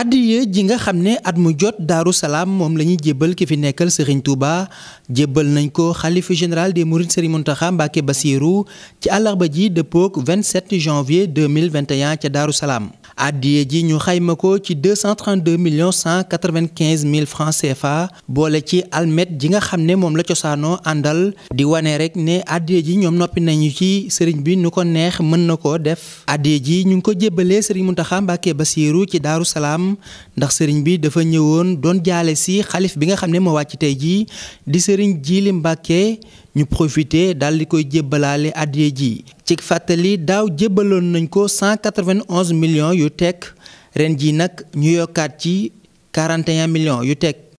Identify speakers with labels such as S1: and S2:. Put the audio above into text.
S1: addiye ji nga xam ne at mu jot daaru salaam moom la ñuy jébbal ki fi nekkal Serigne Touba jébbal nañ ko xalifa général de Mourides Serigne Mountakha Mbacké Bassirou ci àllarba ji dëppook 27 janvier 2021 ca daaru salaam addiye ji ñu xayma ko ci 232 millions 195 mille francs CFA boole ci almet ji nga xam ne moom la cosaanoo àndal di wane rek ne addiye ji ñoom noppi nañu ci sëriñ bi nu ko neex mën na ko def addiye ji ñu ngi ko jébbalee sëriñ Muntaxa Mbàkke Basiiru ci Daaru Salaam ndax sëriñ bi dafa ñëwoon doon jaale si xalif bi nga xam ne moo wàcc tey jii di sëriñ Jiili Mbàkke ñu profité daal di koy jébbalaale addiya ji ci fàttali daaw jébbaloon nañ ko 191 millions yu teg ren ji nag ñu yokkaat ci 41 millions yu teg